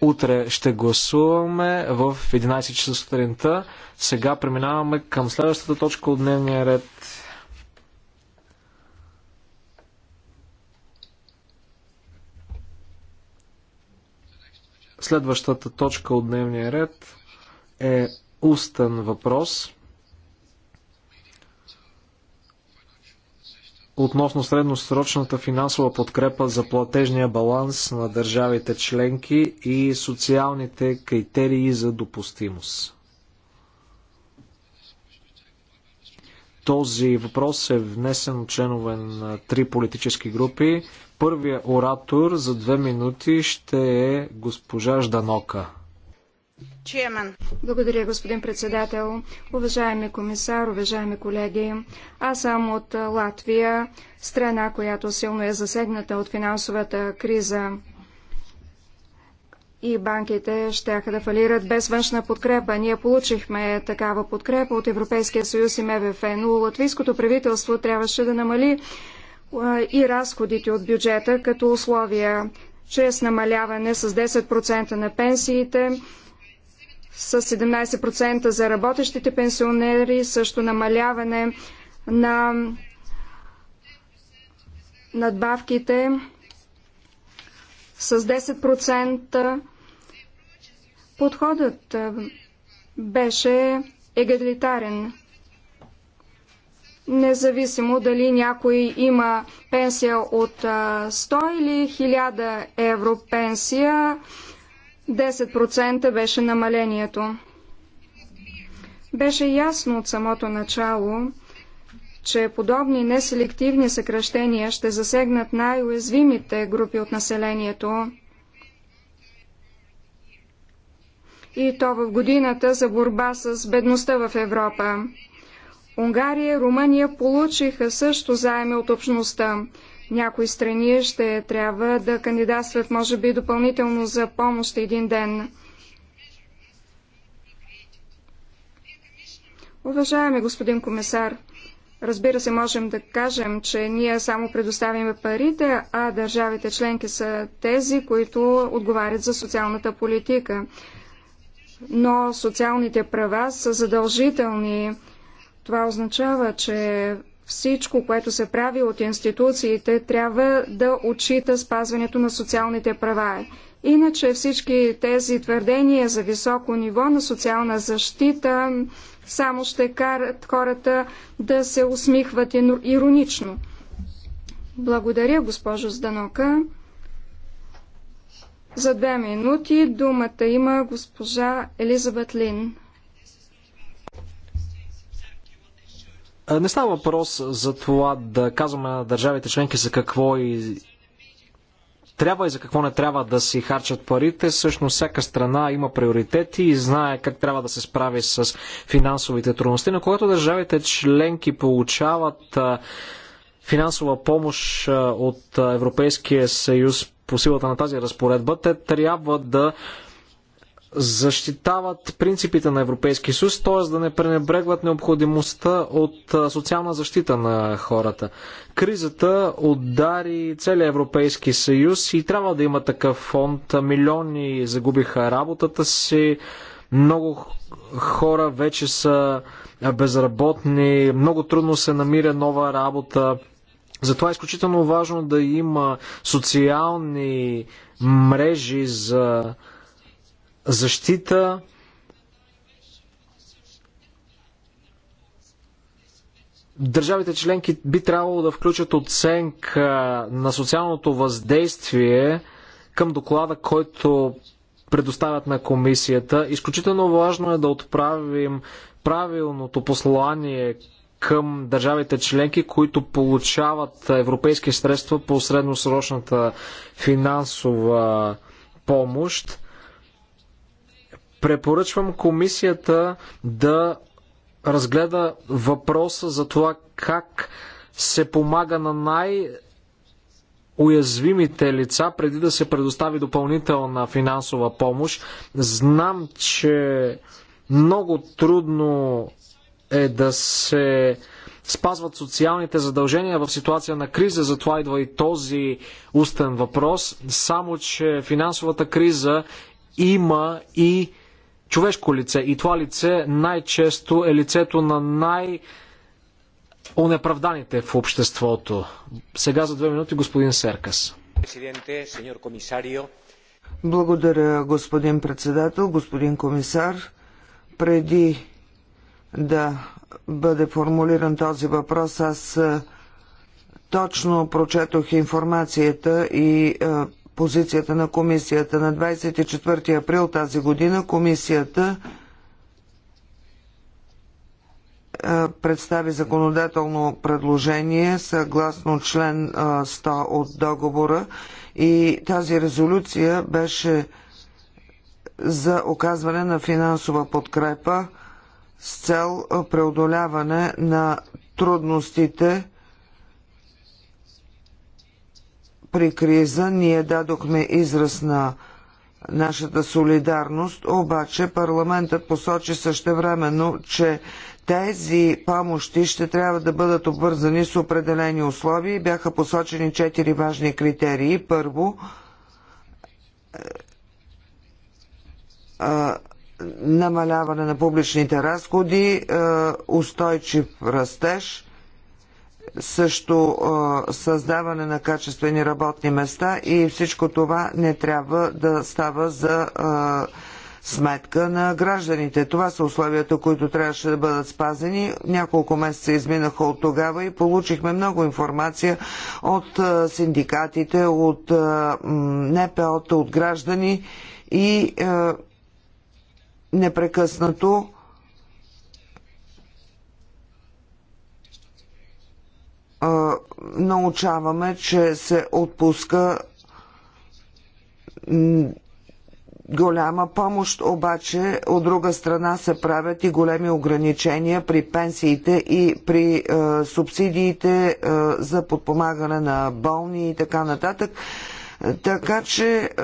Утре ще гласуваме в 11 часа сутринта. Сега преминаваме към следващата точка от дневния ред. Следващата точка от дневния ред е устен въпрос. относно средносрочната финансова подкрепа за платежния баланс на държавите членки и социалните критерии за допустимост. Този въпрос е внесен от членове на три политически групи. Първият оратор за две минути ще е госпожа Жданока. Благодаря, господин председател. Уважаеми комисар, уважаеми колеги, аз съм от Латвия, страна, която силно е засегната от финансовата криза и банките ще да фалират без външна подкрепа. Ние получихме такава подкрепа от Европейския съюз и МВФ, но латвийското правителство трябваше да намали и разходите от бюджета като условия чрез намаляване с 10% на пенсиите, с 17% за работещите пенсионери, също намаляване на надбавките с 10%. Подходът беше егалитарен. Независимо дали някой има пенсия от 100 или 1000 евро пенсия, 10% беше намалението. Беше ясно от самото начало, че подобни неселективни съкръщения ще засегнат най-уязвимите групи от населението и то в годината за борба с бедността в Европа. Унгария и Румъния получиха също заеме от общността. Някои страни ще трябва да кандидатстват, може би, допълнително за помощ един ден. Уважаеми господин комисар, разбира се, можем да кажем, че ние само предоставяме парите, а държавите членки са тези, които отговарят за социалната политика. Но социалните права са задължителни. Това означава, че всичко, което се прави от институциите, трябва да отчита спазването на социалните права. Иначе всички тези твърдения за високо ниво на социална защита само ще карат хората да се усмихват иронично. Благодаря, госпожо Зданока. За две минути думата има госпожа Елизабет Лин. Не става въпрос за това да казваме на държавите членки за какво и трябва и за какво не трябва да си харчат парите. Всъщност всяка страна има приоритети и знае как трябва да се справи с финансовите трудности. Но когато държавите членки получават финансова помощ от Европейския съюз по силата на тази разпоредба, те трябва да защитават принципите на Европейския съюз, т.е. да не пренебрегват необходимостта от социална защита на хората. Кризата удари целия Европейски съюз и трябва да има такъв фонд. Милиони загубиха работата си, много хора вече са безработни, много трудно се намира нова работа. Затова е изключително важно да има социални мрежи за защита. Държавите членки би трябвало да включат оценка на социалното въздействие към доклада, който предоставят на комисията. Изключително важно е да отправим правилното послание към държавите членки, които получават европейски средства по средносрочната финансова помощ. Препоръчвам комисията да разгледа въпроса за това как се помага на най- уязвимите лица, преди да се предостави допълнителна финансова помощ. Знам, че много трудно е да се спазват социалните задължения в ситуация на криза, затова идва и този устен въпрос. Само, че финансовата криза има и човешко лице. И това лице най-често е лицето на най- онеправданите в обществото. Сега за две минути господин Серкас. Благодаря, господин председател, господин комисар. Преди да бъде формулиран този въпрос, аз е, точно прочетох информацията и е, позицията на комисията. На 24 април тази година комисията представи законодателно предложение съгласно член 100 от договора и тази резолюция беше за оказване на финансова подкрепа с цел преодоляване на трудностите при криза ние дадохме израз на нашата солидарност, обаче парламентът посочи същевременно, че тези помощи ще трябва да бъдат обвързани с определени условия и бяха посочени четири важни критерии. Първо, намаляване на публичните разходи, устойчив растеж, също създаване на качествени работни места и всичко това не трябва да става за сметка на гражданите. Това са условията, които трябваше да бъдат спазени. Няколко месеца изминаха от тогава и получихме много информация от синдикатите, от НПО-та, от граждани и непрекъснато научаваме, че се отпуска голяма помощ, обаче от друга страна се правят и големи ограничения при пенсиите и при е, субсидиите е, за подпомагане на болни и така нататък. Така че е,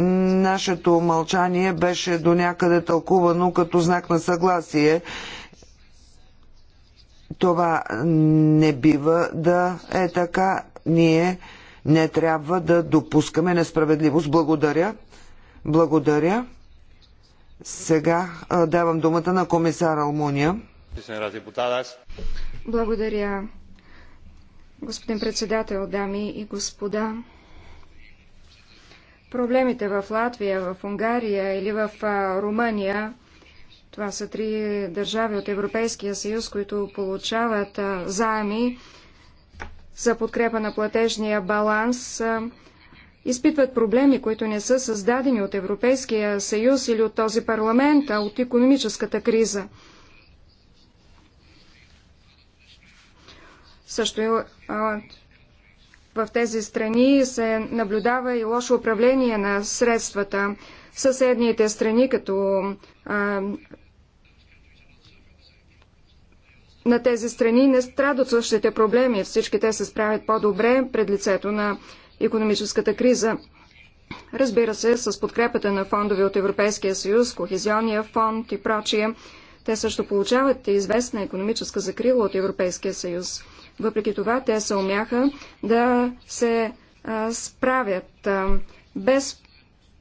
нашето мълчание беше до някъде тълкувано като знак на съгласие това не бива да е така. Ние не трябва да допускаме несправедливост. Благодаря. Благодаря. Сега давам думата на комисар Алмуния. Благодаря, господин председател, дами и господа. Проблемите в Латвия, в Унгария или в Румъния това са три държави от Европейския съюз, които получават заеми за подкрепа на платежния баланс, изпитват проблеми, които не са създадени от Европейския съюз или от този парламент, а от економическата криза. Също е, в тези страни се наблюдава и лошо управление на средствата. Съседните страни, като на тези страни не страдат същите проблеми. Всички те се справят по-добре пред лицето на економическата криза. Разбира се, с подкрепата на фондове от Европейския съюз, Кохезионния фонд и прочие, те също получават известна економическа закрила от Европейския съюз. Въпреки това, те се умяха да се а, справят а, без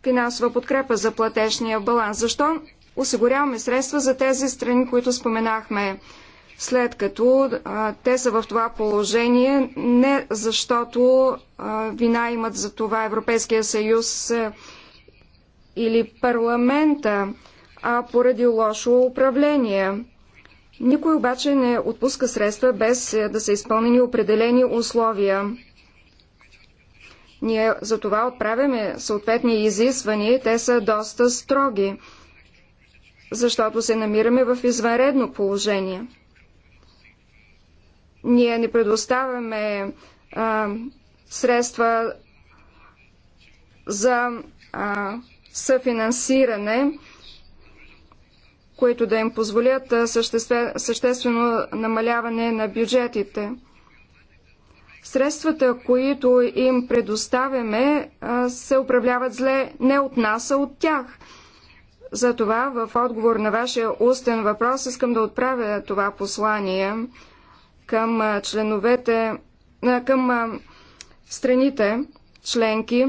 финансова подкрепа за платежния баланс. Защо осигуряваме средства за тези страни, които споменахме? след като а, те са в това положение не защото а, вина имат за това Европейския съюз а, или парламента, а поради лошо управление. Никой обаче не отпуска средства без е, да са изпълнени определени условия. Ние за това отправяме съответни изисквания, те са доста строги, защото се намираме в извънредно положение. Ние не предоставяме а, средства за а, съфинансиране, които да им позволят съществе, съществено намаляване на бюджетите. Средствата, които им предоставяме, се управляват зле не от нас, а от тях. Затова в отговор на вашия устен въпрос искам да отправя това послание към членовете, към страните членки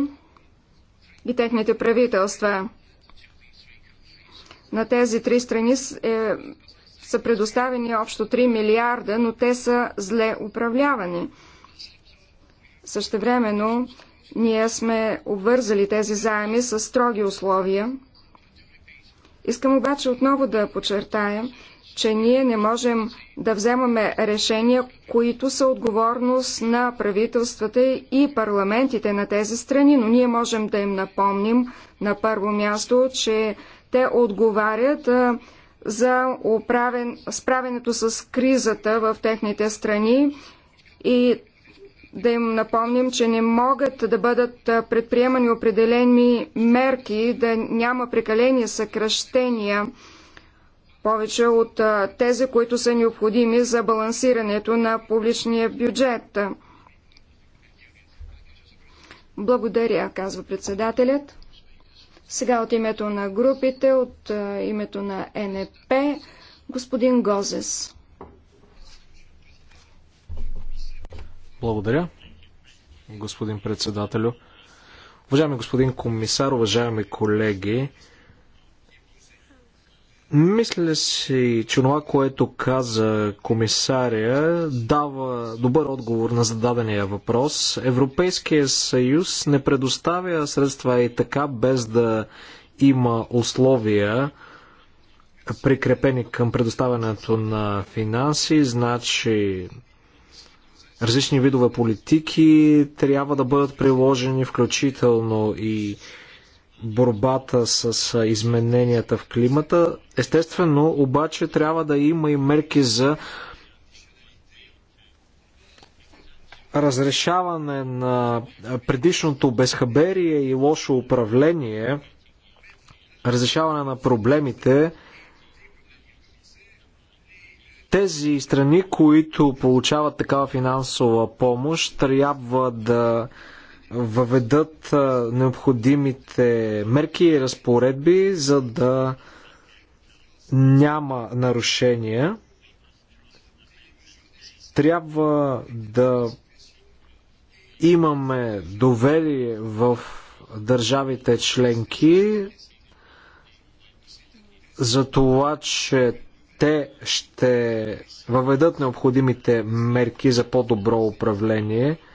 и техните правителства. На тези три страни е, са предоставени общо 3 милиарда, но те са зле управлявани. Същевременно ние сме обвързали тези заеми с строги условия. Искам обаче отново да подчертая, че ние не можем да вземаме решения, които са отговорност на правителствата и парламентите на тези страни, но ние можем да им напомним на първо място, че те отговарят за управен, справенето с кризата в техните страни и да им напомним, че не могат да бъдат предприемани определени мерки, да няма прекалени съкръщения повече от тези, които са необходими за балансирането на публичния бюджет. Благодаря, казва председателят. Сега от името на групите, от името на НП, господин Гозес. Благодаря, господин председателю. Уважаеми господин комисар, уважаеми колеги, мисля си, че това, което каза комисаря, дава добър отговор на зададения въпрос. Европейския съюз не предоставя средства и така, без да има условия прикрепени към предоставянето на финанси, значи различни видове политики трябва да бъдат приложени, включително и борбата с измененията в климата. Естествено, обаче трябва да има и мерки за разрешаване на предишното безхаберие и лошо управление, разрешаване на проблемите, тези страни, които получават такава финансова помощ, трябва да въведат необходимите мерки и разпоредби, за да няма нарушения. Трябва да имаме доверие в държавите членки за това, че те ще въведат необходимите мерки за по-добро управление –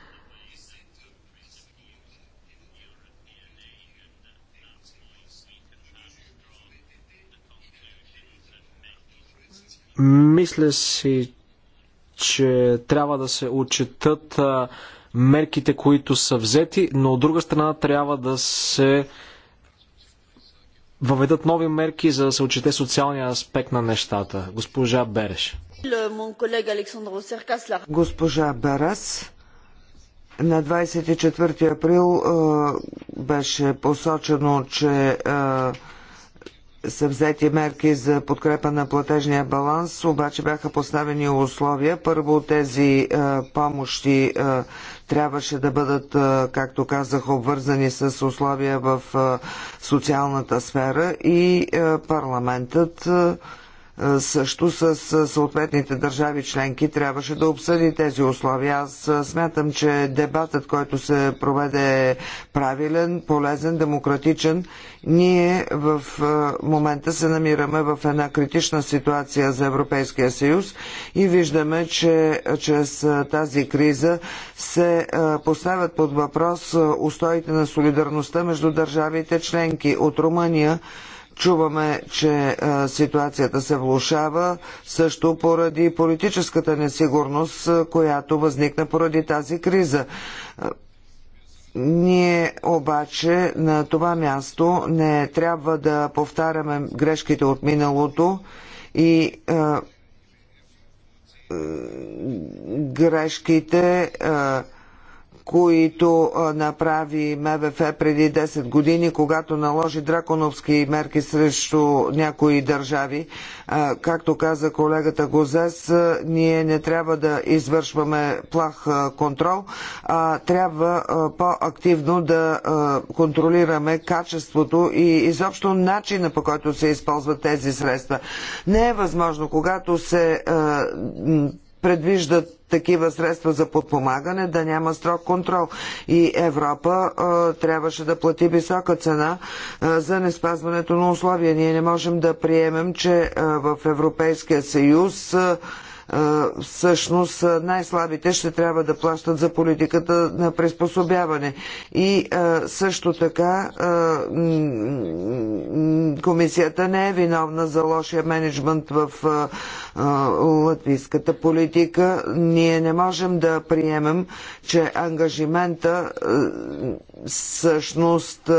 Мисля си, че трябва да се отчитат мерките, които са взети, но от друга страна трябва да се въведат нови мерки, за да се отчете социалния аспект на нещата. Госпожа Береш. Госпожа Берес, на 24 април беше посочено, че са взети мерки за подкрепа на платежния баланс, обаче бяха поставени условия. Първо тези е, помощи е, трябваше да бъдат, е, както казах, обвързани с условия в е, социалната сфера и е, парламентът е, също с съответните държави членки трябваше да обсъди тези условия. Аз смятам, че дебатът, който се проведе е правилен, полезен, демократичен. Ние в момента се намираме в една критична ситуация за Европейския съюз и виждаме, че чрез тази криза се поставят под въпрос устоите на солидарността между държавите членки. От Румъния Чуваме, че ситуацията се влушава също поради политическата несигурност, която възникна поради тази криза. Ние обаче на това място не трябва да повтаряме грешките от миналото и е, е, грешките. Е, които направи МВФ преди 10 години, когато наложи драконовски мерки срещу някои държави. Както каза колегата Гозес, ние не трябва да извършваме плах контрол, а трябва по-активно да контролираме качеството и изобщо начина по който се използват тези средства. Не е възможно, когато се предвиждат такива средства за подпомагане, да няма строг контрол. И Европа а, трябваше да плати висока цена а, за неспазването на условия. Ние не можем да приемем, че а, в Европейския съюз а, всъщност най-слабите ще трябва да плащат за политиката на приспособяване. И също така комисията не е виновна за лошия менеджмент в латвийската политика. Ние не можем да приемем, че ангажимента всъщност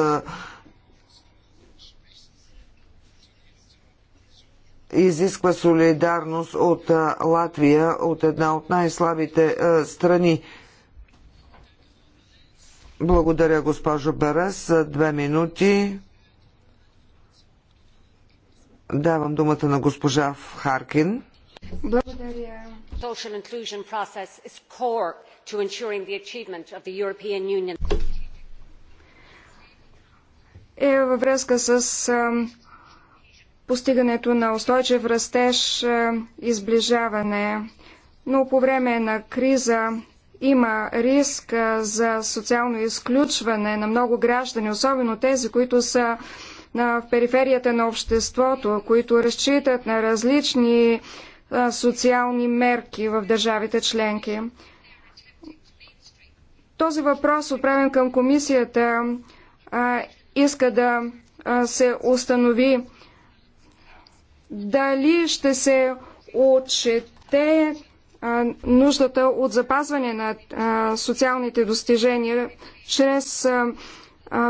изисква солидарност от Латвия, от една от най-слабите страни. Благодаря, госпожо Берес. За две минути давам думата на госпожа Харкин. Благодаря. Е във връзка с постигането на устойчив растеж е, и сближаване. Но по време на криза има риск е, за социално изключване на много граждани, особено тези, които са на периферията на обществото, които разчитат на различни социални мерки в държавите членки. Този въпрос, отправен към комисията, иска да се установи дали ще се отчете нуждата от запазване на социалните достижения чрез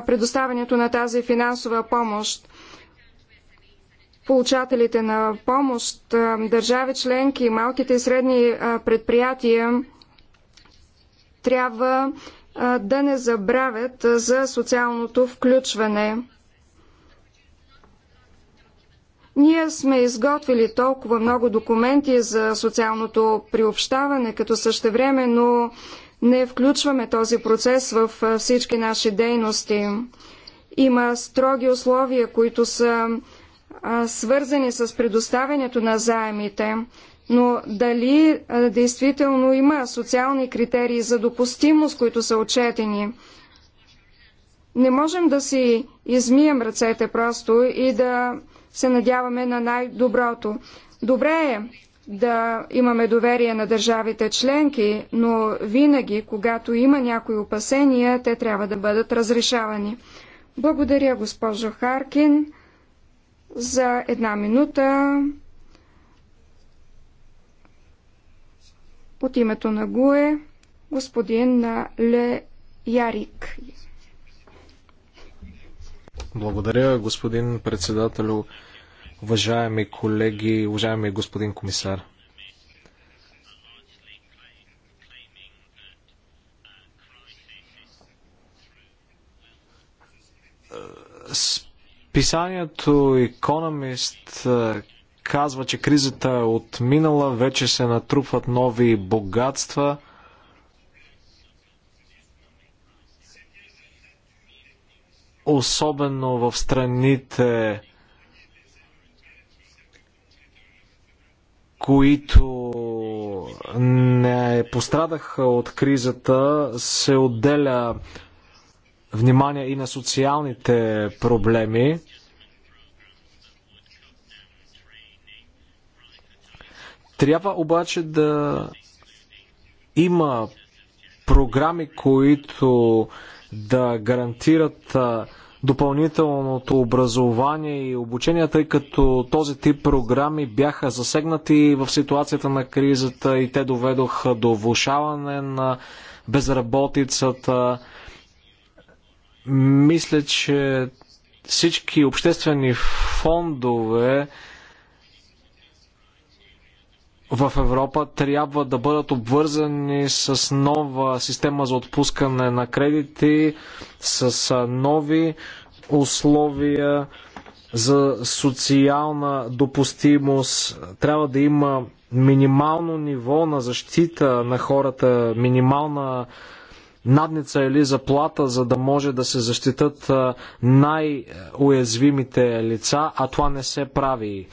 предоставянето на тази финансова помощ. Получателите на помощ, държави членки, малките и средни предприятия трябва да не забравят за социалното включване. Ние сме изготвили толкова много документи за социалното приобщаване, като същевременно не включваме този процес в всички наши дейности. Има строги условия, които са свързани с предоставянето на заемите, но дали действително има социални критерии за допустимост, които са отчетени? Не можем да си измием ръцете просто и да се надяваме на най-доброто. Добре е да имаме доверие на държавите членки, но винаги, когато има някои опасения, те трябва да бъдат разрешавани. Благодаря, госпожо Харкин, за една минута. От името на ГУЕ, господин Ле Ярик. Благодаря, господин председател, уважаеми колеги, уважаеми господин комисар. Списанието Economist казва, че кризата е отминала, вече се натрупват нови богатства – особено в страните, които не пострадаха от кризата, се отделя внимание и на социалните проблеми. Трябва обаче да има програми, които да гарантират допълнителното образование и обучение, тъй като този тип програми бяха засегнати в ситуацията на кризата и те доведоха до влушаване на безработицата. Мисля, че всички обществени фондове в Европа трябва да бъдат обвързани с нова система за отпускане на кредити, с нови условия за социална допустимост. Трябва да има минимално ниво на защита на хората, минимална надница или заплата, за да може да се защитат най-уязвимите лица, а това не се прави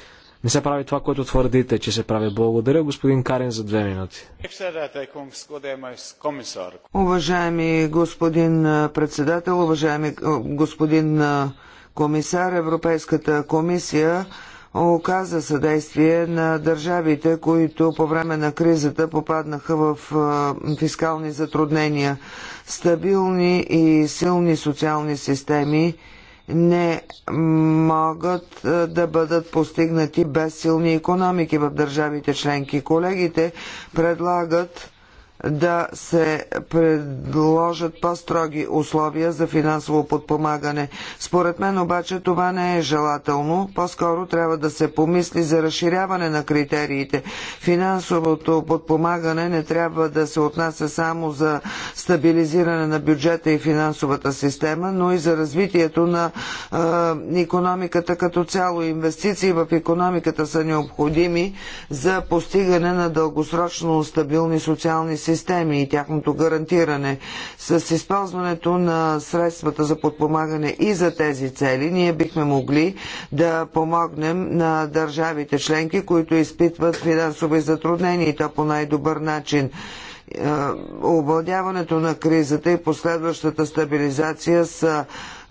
не се прави това, което твърдите, че се прави. Благодаря, господин Карен, за две минути. Уважаеми господин председател, уважаеми господин комисар, Европейската комисия оказа съдействие на държавите, които по време на кризата попаднаха в фискални затруднения. Стабилни и силни социални системи – не могат е, да бъдат постигнати без силни економики в държавите членки. Колегите предлагат да се предложат по-строги условия за финансово подпомагане. Според мен обаче това не е желателно. По-скоро трябва да се помисли за разширяване на критериите. Финансовото подпомагане не трябва да се отнася само за стабилизиране на бюджета и финансовата система, но и за развитието на е, економиката като цяло. Инвестиции в економиката са необходими за постигане на дългосрочно стабилни социални системи системи и тяхното гарантиране. С използването на средствата за подпомагане и за тези цели, ние бихме могли да помогнем на държавите членки, които изпитват финансови затруднения и то по най-добър начин. Е, Обладяването на кризата и последващата стабилизация са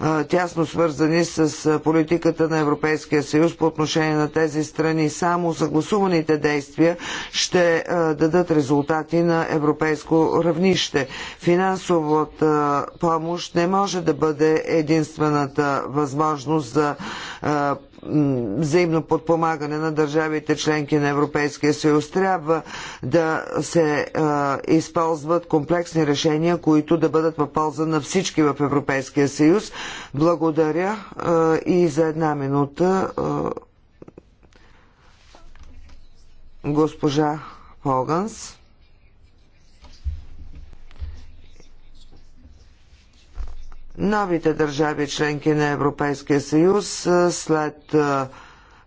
е, тясно свързани с е, политиката на Европейския съюз по отношение на тези страни. Само съгласуваните действия ще дадат резултати на европейско равнище. Финансовата помощ не може да бъде единствената възможност за взаимно подпомагане на държавите членки на Европейския съюз. Трябва да се използват комплексни решения, които да бъдат в полза на всички в Европейския съюз. Благодаря и за една минута госпожа Хоганс. новите държави членки на Европейския съюз след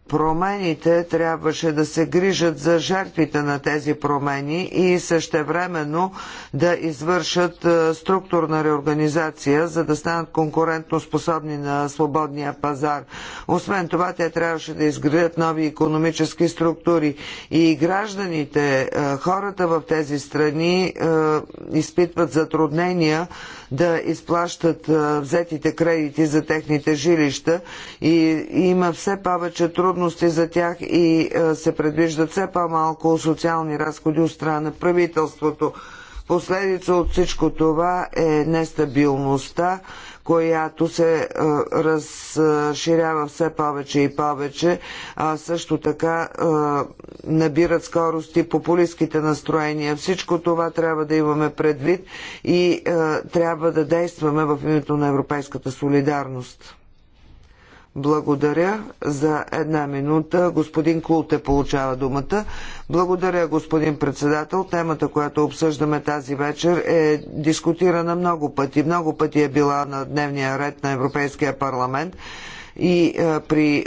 промените трябваше да се грижат за жертвите на тези промени и същевременно да извършат е, структурна реорганизация, за да станат конкурентно способни на свободния пазар. Освен това, те трябваше да изградят нови економически структури и гражданите, е, хората в тези страни е, изпитват затруднения да изплащат взетите кредити за техните жилища и има все повече трудно трудности за тях и е, се предвиждат все по-малко социални разходи от страна на правителството. Последица от всичко това е нестабилността, която се е, разширява все повече и повече, а също така е, набират скорости популистските настроения. Всичко това трябва да имаме предвид и трябва да действаме в името на европейската солидарност. Благодаря за една минута. Господин Култе получава думата. Благодаря, господин председател. Темата, която обсъждаме тази вечер е дискутирана много пъти. Много пъти е била на дневния ред на Европейския парламент и е, при е,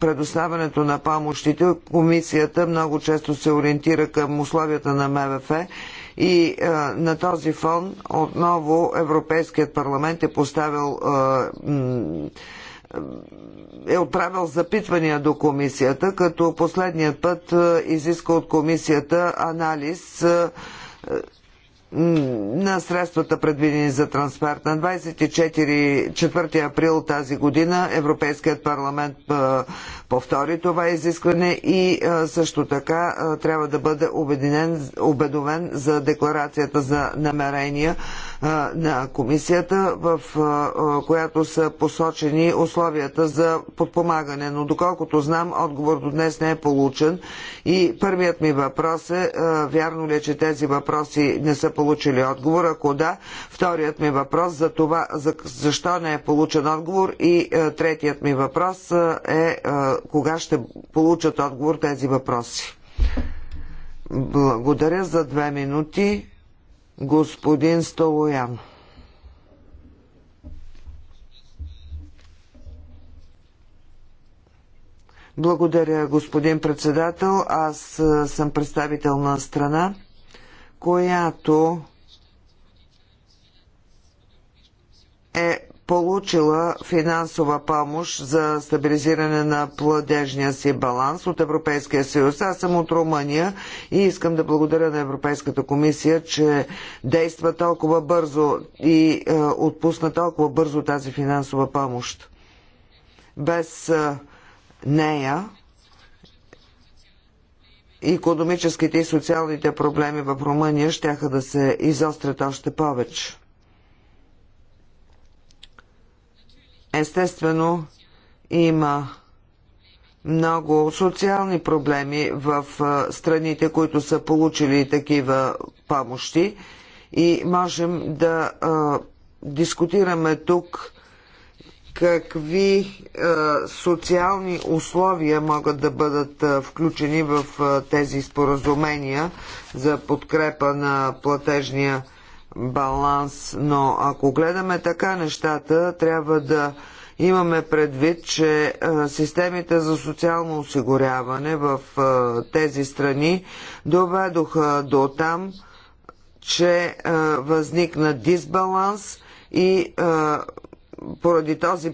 предоставянето на помощите комисията много често се ориентира към условията на МВФ и е, на този фон отново Европейският парламент е поставил е отправил запитвания до комисията, като последният път е, изиска от комисията анализ е, на средствата предвидени за транспорт. На 24 април тази година Европейският парламент повтори това изискване и също така трябва да бъде обединен, обедовен за декларацията за намерения на комисията, в която са посочени условията за подпомагане. Но доколкото знам, отговор до днес не е получен. И първият ми въпрос е, вярно ли е, че тези въпроси не са получени получили отговор? Ако да, вторият ми въпрос за това за, защо не е получен отговор и е, третият ми въпрос е, е кога ще получат отговор тези въпроси. Благодаря за две минути, господин Столоян. Благодаря, господин председател. Аз е, съм представител на страна, която е получила финансова помощ за стабилизиране на пладежния си баланс от Европейския съюз. Аз съм от Румъния и искам да благодаря на Европейската комисия, че действа толкова бързо и е, отпусна толкова бързо тази финансова помощ. Без е, нея економическите и социалните проблеми в Румъния щяха да се изострят още повече. Естествено, има много социални проблеми в страните, които са получили такива помощи и можем да а, дискутираме тук какви а, е, социални условия могат да бъдат а, е, включени в а, е, тези споразумения за подкрепа на платежния баланс. Но ако гледаме така нещата, трябва да имаме предвид, че системите за социално осигуряване в тези страни доведоха до там, че възникна дисбаланс и поради този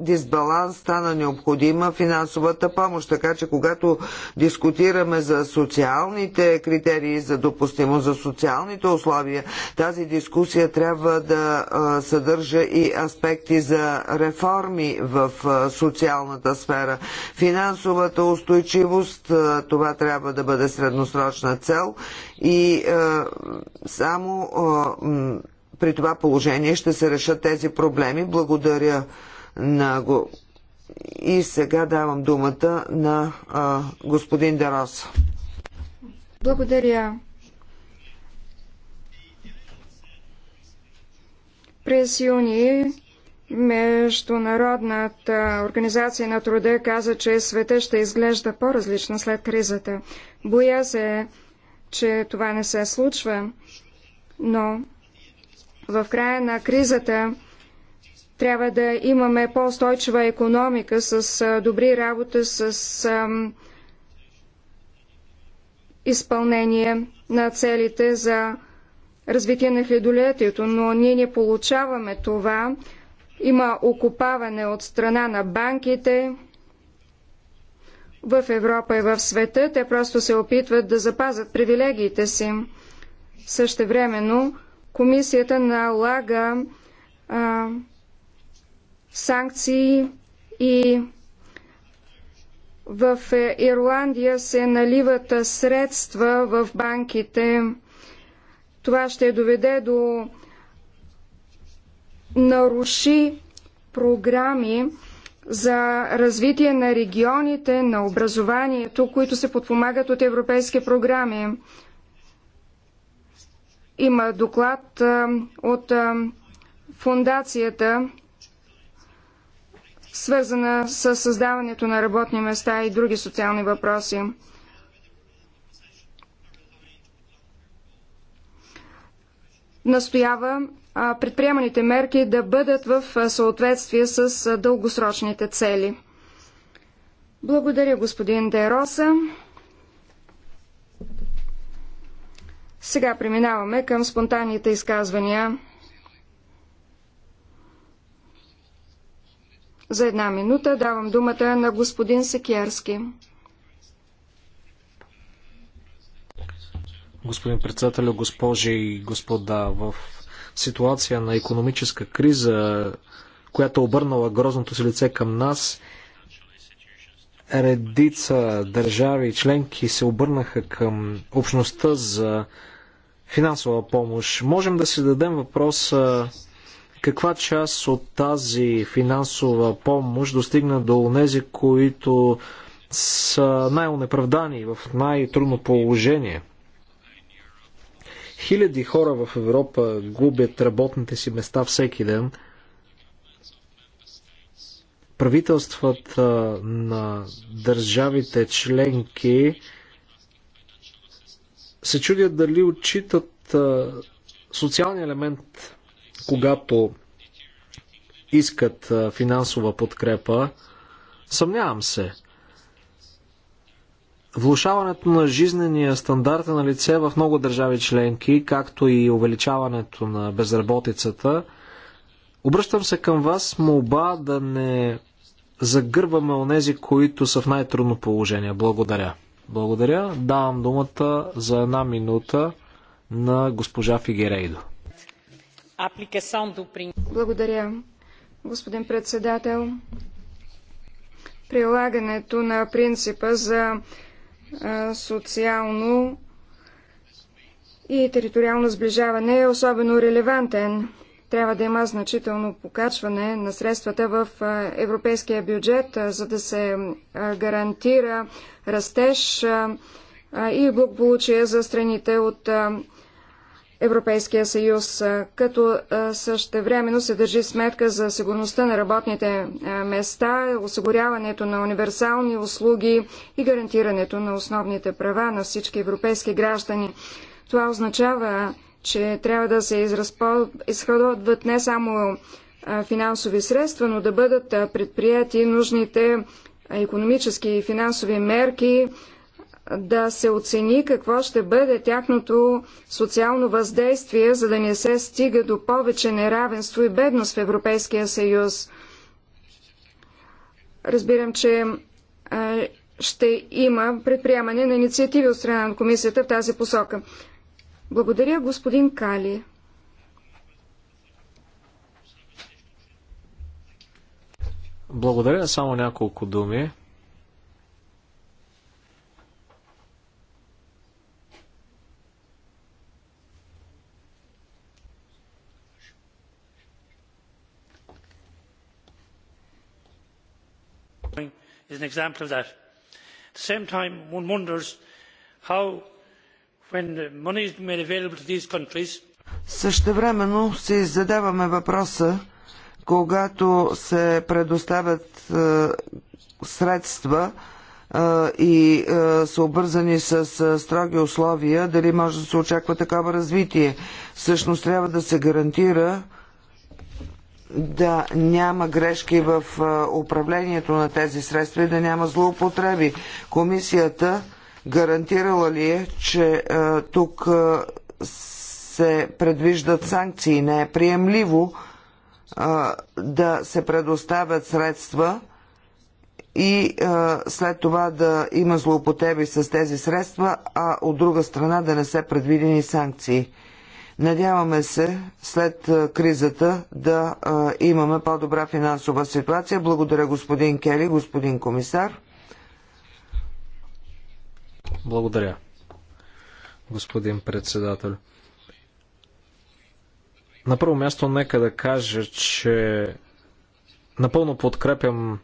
дисбаланс стана необходима финансовата помощ. Така че когато дискутираме за социалните критерии, за допустимост, за социалните условия, тази дискусия трябва да съдържа и аспекти за реформи в социалната сфера. Финансовата устойчивост, това трябва да бъде средносрочна цел и само при това положение ще се решат тези проблеми. Благодаря на го. И сега давам думата на а, господин Дарос. Благодаря. През юни Международната организация на труда каза, че света ще изглежда по-различно след кризата. Боя се, че това не се случва, но в края на кризата трябва да имаме по-устойчива економика с добри работи, с изпълнение на целите за развитие на хледолетието, но ние не получаваме това. Има окупаване от страна на банките в Европа и в света. Те просто се опитват да запазят привилегиите си. също времено комисията налага а, санкции и в е, Ирландия се наливат средства в банките. Това ще доведе до наруши програми за развитие на регионите, на образованието, които се подпомагат от европейски програми. Има доклад от фундацията, свързана с създаването на работни места и други социални въпроси. Настоява предприеманите мерки да бъдат в съответствие с дългосрочните цели. Благодаря, господин Дероса. Сега преминаваме към спонтанните изказвания. За една минута давам думата на господин Секерски. Господин председател, госпожи и господа, в ситуация на економическа криза, която обърнала грозното си лице към нас, редица държави и членки се обърнаха към общността за финансова помощ. Можем да си дадем въпроса. каква част от тази финансова помощ достигна до онези, които са най-онеправдани, в най-трудно положение. Хиляди хора в Европа губят работните си места всеки ден. Правителствата на държавите членки се чудят дали отчитат социалния елемент, когато искат финансова подкрепа. Съмнявам се. Влушаването на жизнения стандарт е на лице в много държави членки, както и увеличаването на безработицата, обръщам се към вас молба да не загърваме онези, които са в най-трудно положение. Благодаря. Благодаря. Давам думата за една минута на госпожа Фигерейдо. Благодаря, господин председател. Прилагането на принципа за социално и териториално сближаване е особено релевантен трябва да има значително покачване на средствата в европейския бюджет, за да се гарантира растеж и благополучие за страните от Европейския съюз, като същевременно се държи сметка за сигурността на работните места, осигуряването на универсални услуги и гарантирането на основните права на всички европейски граждани. Това означава, че трябва да се изходват не само финансови средства, но да бъдат предприяти нужните економически и финансови мерки, да се оцени какво ще бъде тяхното социално въздействие, за да не се стига до повече неравенство и бедност в Европейския съюз. Разбирам, че ще има предприемане на инициативи от страна на комисията в тази посока. Благодаря, господин Кали. Благодаря, само няколко думи. is an example of that. at the same time one wonders how Същевременно си задаваме въпроса, когато се предоставят е, средства е, и е, са обвързани с е, строги условия, дали може да се очаква такова развитие. Всъщност трябва да се гарантира да няма грешки в е, управлението на тези средства и да няма злоупотреби. Комисията гарантирала ли е, че тук се предвиждат санкции? Не е приемливо да се предоставят средства и след това да има злоупотреби с тези средства, а от друга страна да не се предвидени санкции. Надяваме се след кризата да имаме по-добра финансова ситуация. Благодаря господин Кели, господин комисар. Благодаря, господин председател. На първо място нека да кажа, че напълно подкрепям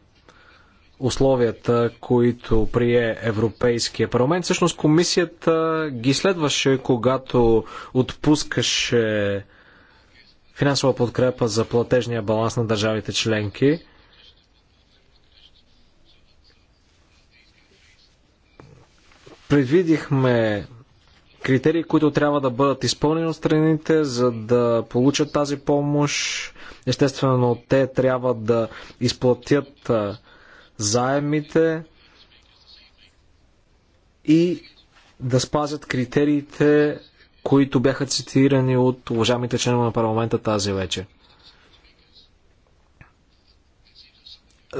условията, които прие Европейския парламент. Всъщност комисията ги следваше, когато отпускаше финансова подкрепа за платежния баланс на държавите членки. Предвидихме критерии, които трябва да бъдат изпълнени от страните, за да получат тази помощ. Естествено, те трябва да изплатят заемите и да спазят критериите, които бяха цитирани от уважаемите членове на парламента тази вече.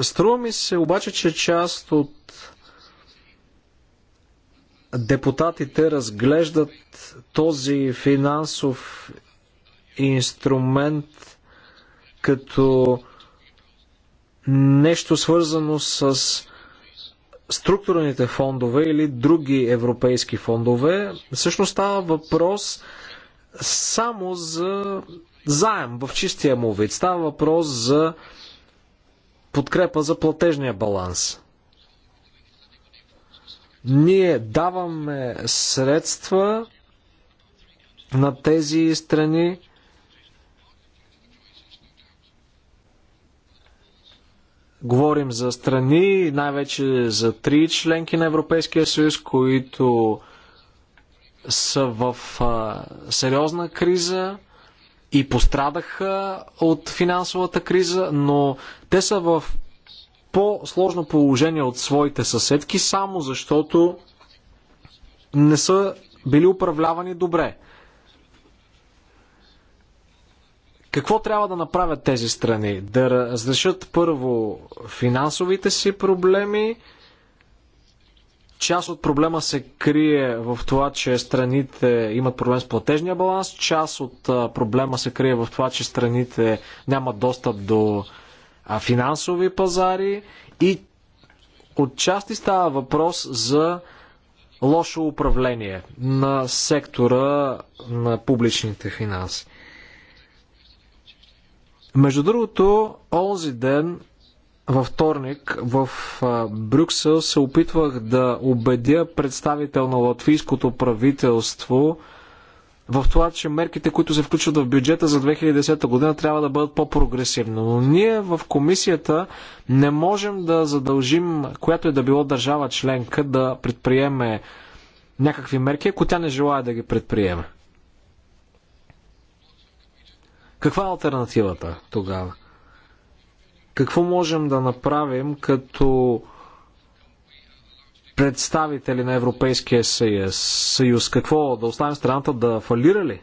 Струва ми се обаче, че част от депутатите разглеждат този финансов инструмент като нещо свързано с структурните фондове или други европейски фондове. Всъщност става въпрос само за заем в чистия му вид. Става въпрос за подкрепа за платежния баланс. Ние даваме средства на тези страни, Говорим за страни, най-вече за три членки на Европейския съюз, които са в а, сериозна криза и пострадаха от финансовата криза, но те са в по-сложно положение от своите съседки, само защото не са били управлявани добре. Какво трябва да направят тези страни? Да разрешат първо финансовите си проблеми. Част от проблема се крие в това, че страните имат проблем с платежния баланс. Част от проблема се крие в това, че страните нямат достъп до финансови пазари и отчасти става въпрос за лошо управление на сектора на публичните финанси. Между другото, онзи ден, във вторник, в Брюксел се опитвах да убедя представител на латвийското правителство, в това, че мерките, които се включват в бюджета за 2010 година, трябва да бъдат по-прогресивни. Но ние в комисията не можем да задължим която е да било държава членка да предприеме някакви мерки, ако тя не желая да ги предприеме. Каква е альтернативата тогава? Какво можем да направим като представители на Европейския съюз. съюз. Какво? Да оставим страната да фалира ли?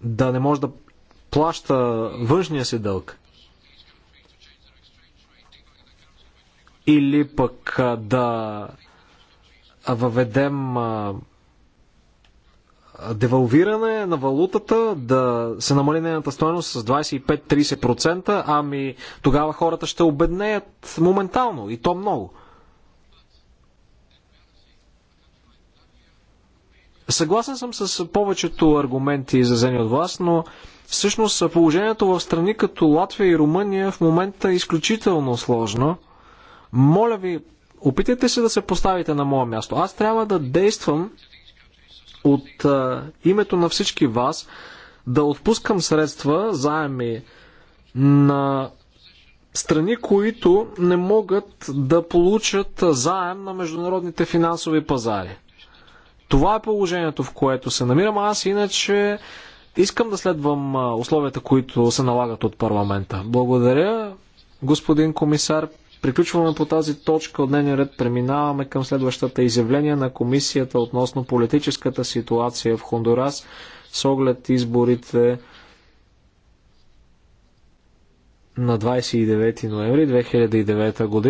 Да не може да плаща външния си дълг? Или пък да въведем девалвиране на валутата, да се намали нейната стоеност с 25-30%, ами тогава хората ще обеднеят моментално и то много. Съгласен съм с повечето аргументи, изразени от вас, но всъщност положението в страни като Латвия и Румъния в момента е изключително сложно. Моля ви, опитайте се да се поставите на мое място. Аз трябва да действам от а, името на всички вас, да отпускам средства, заеми на страни, които не могат да получат заем на международните финансови пазари. Това е положението, в което се намирам аз, иначе искам да следвам условията, които се налагат от парламента. Благодаря, господин комисар. Приключваме по тази точка от дневния ред. Преминаваме към следващата изявление на комисията относно политическата ситуация в Хондурас с оглед изборите на 29 ноември 2009 година.